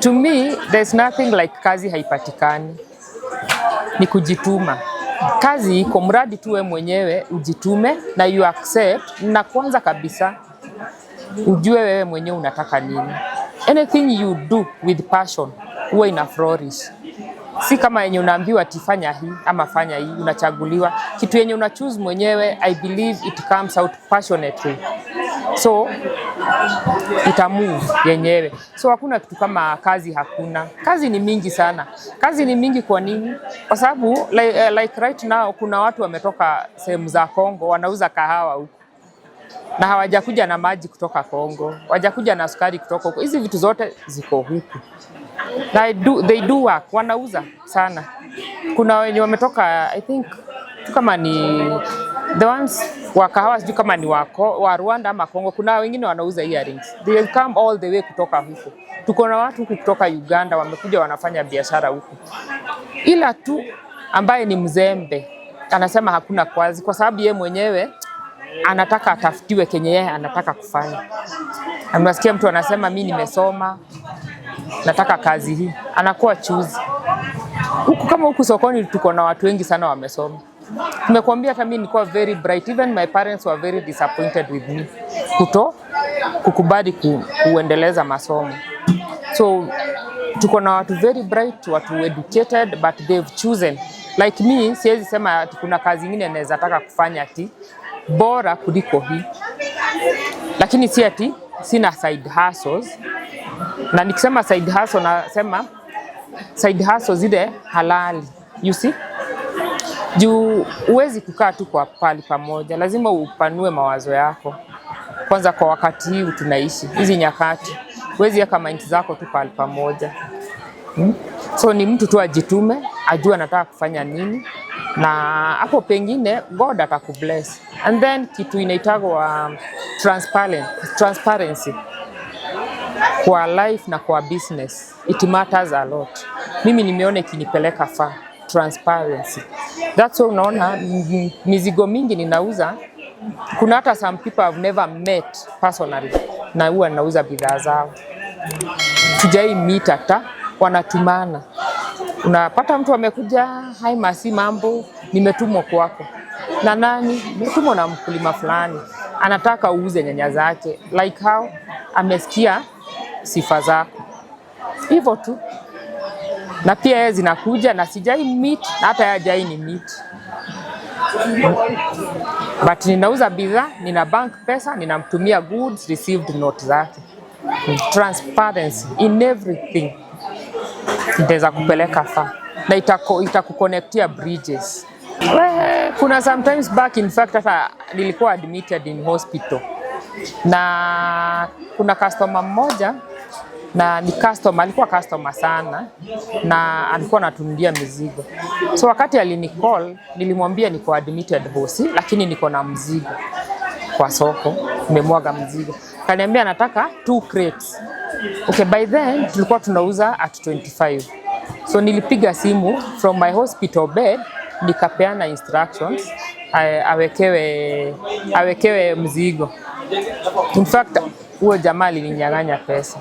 to me there's nothing like kazi haipatikani, ni kujituma. Kazi iko mradi tu wewe mwenyewe ujitume na you accept, na kwanza kabisa ujue wewe mwenyewe unataka nini. Anything you do with passion huwa ina flourish, si kama yenye unaambiwa tifanya hii ama fanya hii, unachaguliwa kitu yenye una choose mwenyewe. I believe it comes out passionately so ita move yenyewe. So hakuna kitu kama kazi, hakuna kazi, ni mingi sana. Kazi ni mingi. Kwa nini? Kwa sababu like, eh, like right now kuna watu wametoka sehemu za Kongo wanauza kahawa huko na hawajakuja na maji kutoka Kongo, wajakuja na sukari kutoka huko. Hizi vitu zote ziko huku na do, they do work, wanauza sana. Kuna wenye wametoka I think kama ni the ones wakahawa kahawa sijui kama ni wako, wa Rwanda ama Kongo. Kuna wengine wanauza earrings. They come all the way kutoka huko. Tuko na watu huku kutoka Uganda wamekuja wanafanya biashara huku, ila tu ambaye ni mzembe anasema hakuna kwazi, kwa sababu yeye mwenyewe anataka atafutiwe kenye yeye anataka kufanya. Unasikia mtu anasema mi nimesoma, nataka kazi hii, anakuwa chuzi huku. Kama huku sokoni tuko na watu wengi sana wamesoma. Nimekuambia hata mimi nilikuwa very bright, even my parents were very disappointed with me kuto kukubali ku, kuendeleza masomo so tuko na watu very bright, watu educated but they've chosen like me. Siwezi sema ati kuna kazi nyingine naweza taka kufanya ati bora kuliko hii, lakini si ati sina side hustles. Na nikisema side hustle, nasema side hustle zile halali, you see juu huwezi kukaa tu kwa pali pamoja, lazima upanue mawazo yako kwanza. Kwa wakati huu tunaishi hizi nyakati, huwezi weka maindi zako tu pali pamoja hmm? So ni mtu tu ajitume, ajue anataka kufanya nini, na hapo pengine God atakubless. And then kitu inaitagwa um, transparent, transparency kwa life na kwa business, it matters a lot. Mimi nimeona ikinipeleka far transparency. That's why unaona mizigo mingi ninauza, kuna hata some people I've never met personally, na huwa ninauza bidhaa zao, tujai meet hata wanatumana. Unapata mtu amekuja, hai masi, mambo, nimetumwa kwako na nani, nimetumwa na mkulima fulani, anataka uuze nyanya zake, like how amesikia sifa zako, hivyo tu na pia yeye zinakuja na sijai meet hata yeye yajai ni meet but ninauza bidhaa, nina bank pesa, ninamtumia goods received note zake. Transparency in everything itaweza kupeleka fa na itako, itakuconnectia bridges. kuna sometimes back in fact hata nilikuwa admitted in hospital na kuna customer mmoja na ni customer, alikuwa customer sana na alikuwa anatunulia mizigo. So wakati alinicall, nilimwambia niko admitted hosi, lakini niko na mzigo kwa soko, nimemwaga mzigo. Kaniambia anataka two crates. Okay, by then tulikuwa tunauza at 25. So nilipiga simu from my hospital bed nikapeana instructions awekewe, awekewe mzigo. In fact, huyo jamaa alininyang'anya pesa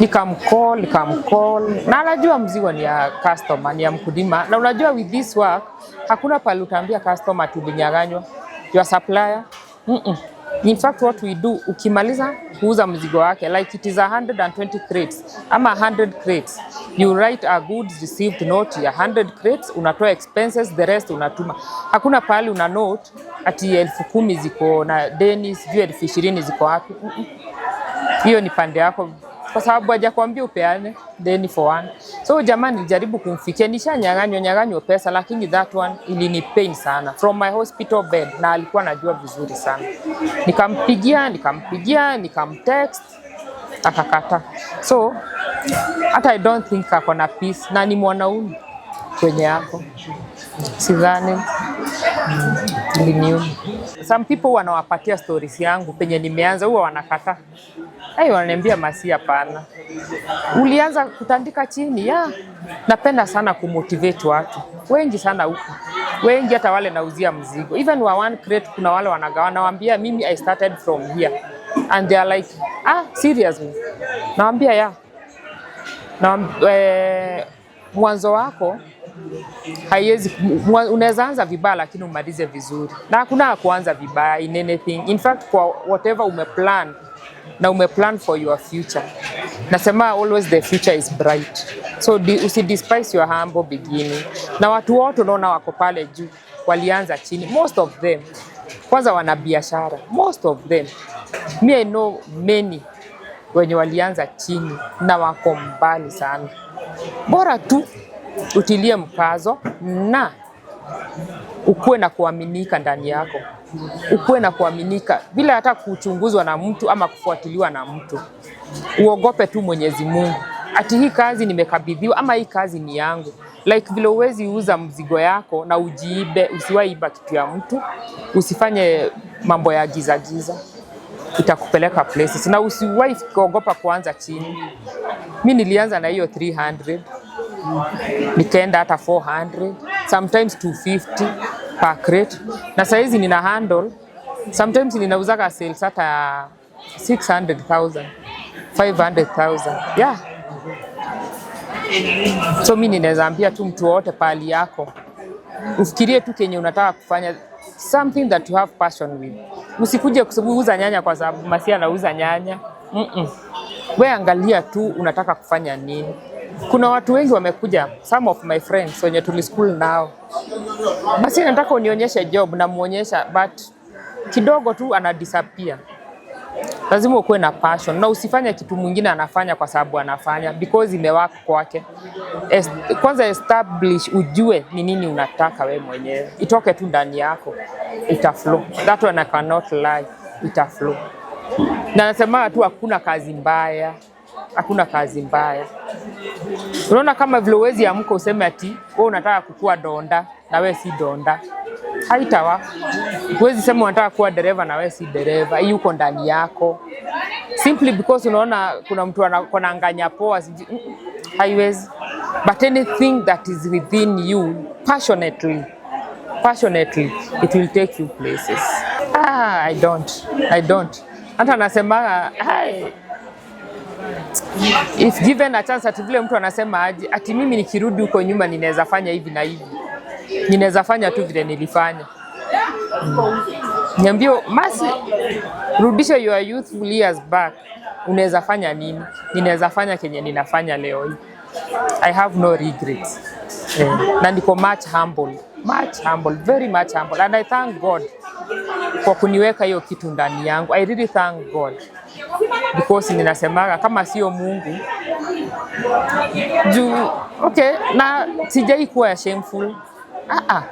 nikamcall nikamcall, na anajua mziwa ni ya customer, ni ya mkulima. Na unajua with this work hakuna pale utaambia customer tulinyang'anywa your supplier mm -mm. In fact what we do, ukimaliza kuuza mzigo wake like it is 120 crates ama 100 crates, you write a goods received note ya 100 crates, unatoa expenses, the rest unatuma. Hakuna pahali una note ati elfu kumi ziko na deni, sijui elfu ishirini ziko wapi. Hiyo ni pande yako kwa sababu hajakwambia upeane deni for one. So jamani, nilijaribu kumfikia, nishanyang'anywa nyang'anywa pesa, lakini that one ilini pain sana from my hospital bed, na alikuwa anajua vizuri sana. Nikampigia, nikampigia, nikamtext akakata. So hata I don't think ako na peace na ni mwanaume kwenye yako, sidhani Linium. Some people wanawapatia stories yangu penye nimeanza, huwa wanakata ai, wananiambia masi, hapana, ulianza kutandika chini ya. Napenda sana kumotivate watu wengi sana huko, wengi hata wale nauzia mzigo, even wa one crate, kuna wale wanagawa, nawaambia mimi I started from here and they are like ah, seriously? Nawaambia ya na, eh, mwanzo wako haiwezi, unaweza anza vibaya lakini umalize vizuri, na hakuna kuanza vibaya in anything. In fact, kwa whatever umeplan na umeplan for your future, nasema always the future is bright, so despise your humble beginning. Na watu wote unaona wako pale juu walianza chini, most of them kwanza wana biashara, most of them. Mi I know many wenye walianza chini na wako mbali sana, bora tu utilie mkazo na ukuwe na kuaminika ndani yako, ukuwe na kuaminika bila hata kuchunguzwa na mtu ama kufuatiliwa na mtu. Uogope tu Mwenyezi Mungu, ati hii kazi nimekabidhiwa ama hii kazi ni yangu. Like vile uwezi uza mzigo yako na ujiibe, usiwaiba kitu ya mtu, usifanye mambo ya giza giza, itakupeleka places. Na usiwahi kuogopa kuanza chini. Mi nilianza na hiyo 300 nikaenda hata 400 sometimes 250 per crate, na saizi nina handle sometimes ninauzaka sales hata 600,000 500,000 yeah. So mi ninaweza ambia tu mtu wote pahali yako, ufikirie tu kenye unataka kufanya, something that you have passion with. Usikuje kuuza nyanya kwa sababu Masia anauza nyanya mm -mm. We angalia tu unataka kufanya nini kuna watu wengi wamekuja, some of my friends wenye tuli school nao, basi nataka unionyeshe job, namwonyesha but kidogo tu ana disappear. Lazima ukuwe na passion na usifanye kitu mwingine anafanya kwa sababu anafanya because imewaka kwake. kwanza establish ujue ni nini unataka we mwenyewe, itoke tu ndani yako, itaflow. That one I cannot lie, itaflow. Na nasema tu hakuna kazi mbaya hakuna kazi mbaya. Unaona, kama vile uwezi amka useme ati wewe unataka kukua donda na wewe si donda, haitawa. Uwezi sema unataka kuwa dereva na wewe si dereva, hii uko ndani yako, simply because unaona kuna mtu anakonanganya poa, siji mm, haiwezi. But anything that is within you passionately passionately it will take you places. Ah, I don't I don't hata nasema hai if given a chance, ati vile mtu anasema aje, ati mimi nikirudi huko nyuma ninaweza fanya hivi na hivi, ninaweza fanya tu vile nilifanya mm. Niambio masi, rudisha your youthful years back, unaweza fanya nini? Ninaweza fanya kenye ninafanya leo hii. I have no regrets yeah. Hmm. Na niko much humble, much humble, very much humble and I thank God kwa kuniweka hiyo kitu ndani yangu. I really thank God because ninasemaga kama sio Mungu juu okay, na sijai kuwa shameful ah ah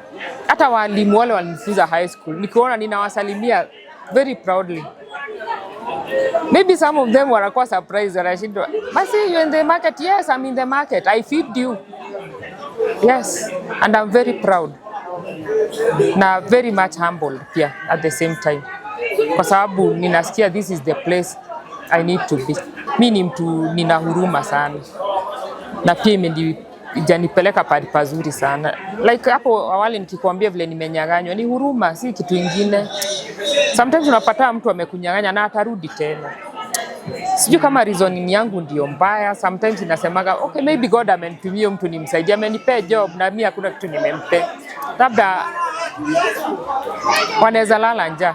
-ah. Walimu wale walinifunza high school nikiona ninawasalimia very proudly. Maybe some of them wanakuwa surprised, that I wanashindwa basi, you in the market? Yes, I'm in the market. I feed you. Yes, and I'm very proud na very much humbled pia at the same time, kwa sababu ninasikia this is the place I need to be. Mi ni mtu nina huruma sana na pia ijanipeleka pahali pazuri sana like hapo awali nikikwambia vile nimenyang'anywa, ni huruma, si kitu ingine. Sometimes unapata mtu amekunyang'anya na atarudi tena. Sijui kama reasoning yangu ndio mbaya. Sometimes inasemaga okay, maybe God amenitumia mtu nimsaidia, amenipea job na mimi hakuna kitu nimempe labda wanaweza lala njaa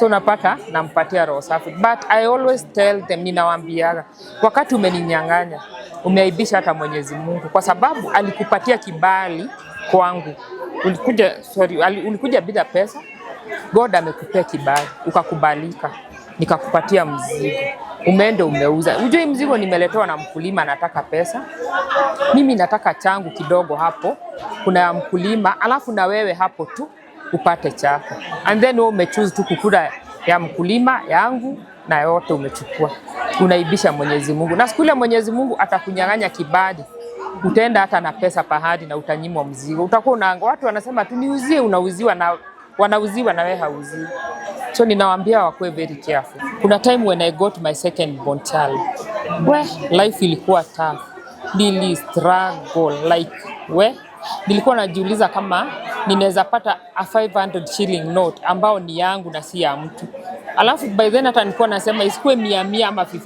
so napata nampatia roho safi, but I always tell them, ninawaambiaga wakati umeninyang'anya, umeaibisha hata Mwenyezi Mungu, kwa sababu alikupatia kibali kwangu. Ulikuja, sorry, ulikuja bila pesa, God amekupea kibali ukakubalika, nikakupatia mzigo umeenda umeuza. Ujue mzigo nimeletewa na mkulima, anataka pesa, mimi nataka changu kidogo hapo. Kuna mkulima alafu na wewe hapo tu upate chako, and then wewe umechoose tu kukula ya mkulima yangu na yote umechukua, unaibisha Mwenyezi Mungu. Na siku ile Mwenyezi Mungu atakunyang'anya kibali, utaenda hata na pesa pahali na utanyimwa mzigo, utakuwa unaanga. Watu wanasema tu niuzie, unauziwa na wanauziwa na wewe hauziwi. So ninawaambia wakuwe very careful. Kuna time when I got my second born child, we life ilikuwa tough, nili struggle like we nilikuwa najiuliza kama ninaweza pata a 500 shilling note ambao ni yangu na si ya mtu, alafu by then hata nilikuwa nasema isikuwe 100 ama 50,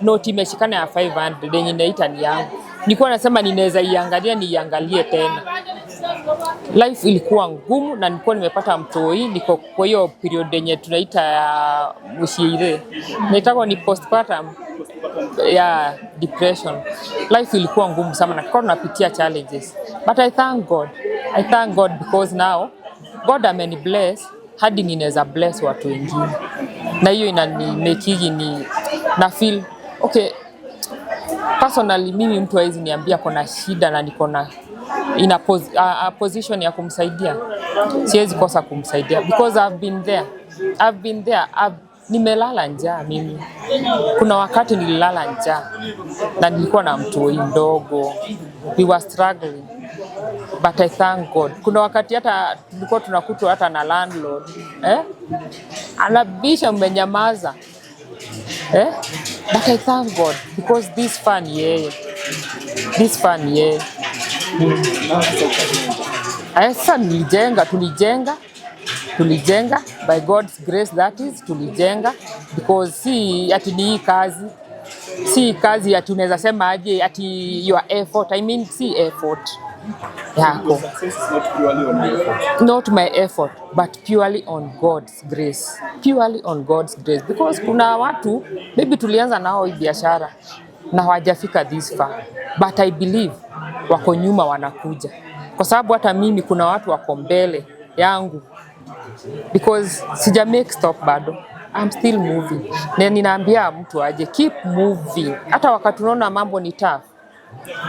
note imeshikana ya 500 yenye naita ni yangu. Nilikuwa nasema ninaweza iangalia niiangalie tena. Life ilikuwa ngumu na nilikuwa nimepata mtoi, niko kwa hiyo period yenye tunaita ya mshire, naitaka ni postpartum ya depression. Life ilikuwa ngumu sana na tulikuwa tunapitia challenges, but I thank God I thank God because now God amenibless hadi ninaweza bless watu wengine, na hiyo ina ni na feel okay personally. Mimi mtu hawezi niambia kona shida na niko na ina a, a position ya kumsaidia, siwezi kosa kumsaidia because I've been there, I've been there I've, nimelala njaa mimi. Kuna wakati nililala njaa na nilikuwa na mtu mdogo, we were struggling but I thank God. Kuna wakati hata tulikuwa tunakutwa hata na landlord eh, anabisha mmenyamaza eh, but I thank God because this fun yeah, this fun yeah. Mm. Sasa nilijenga, tulijenga tulijenga by God's grace that is, tulijenga because si ati ni hii kazi si kazi ati unaweza sema aje ati your effort I mean si effort yako not my effort but purely on God's grace, purely on God's grace because kuna watu maybe tulianza nao hii biashara na hawajafika this far but I believe wako nyuma wanakuja, kwa sababu hata mimi kuna watu wako mbele yangu because sija make stop bado. I'm still moving na ninaambia mtu aje keep moving, hata wakati unaona mambo ni tough,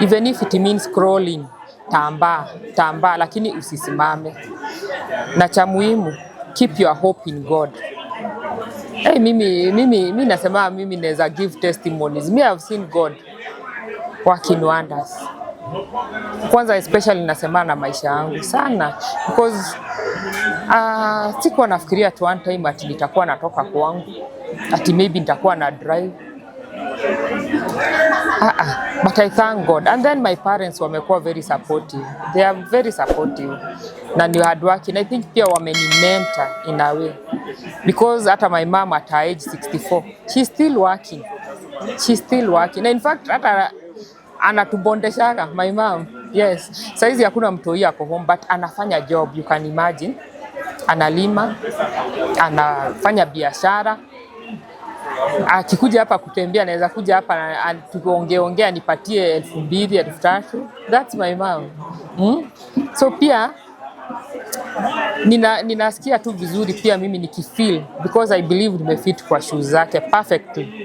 even if it means crawling tambaa, tambaa, lakini usisimame. Na cha muhimu keep your hope in God. Hey, mimi, mimi, mimi nasema mimi naweza give testimonies. Me, I have seen God working wonders. Kwanza especially nasema na maisha yangu sana because uh, sikuwa nafikiria at one time ati nitakuwa natoka kwangu ati maybe nitakuwa na drive Ah, ah, but I thank God. And then my parents wamekuwa very supportive. They are very supportive. Na ni hard work. And I think pia mentor in a way. Because hata my mom at her age 64, she's still working. She's still working. In fact, hata anatubondeshaka my mom. Yes. Saizi hakuna mtoi ako home but anafanya job, you can imagine. Analima, anafanya biashara akikuja hapa kutembea, anaweza kuja hapa ongea, nipatie elfu mbili elfu tatu That's my mom. Mm? So pia nina ninasikia tu vizuri pia mimi nikifeel because I believe nimefit kwa shoes zake perfectly.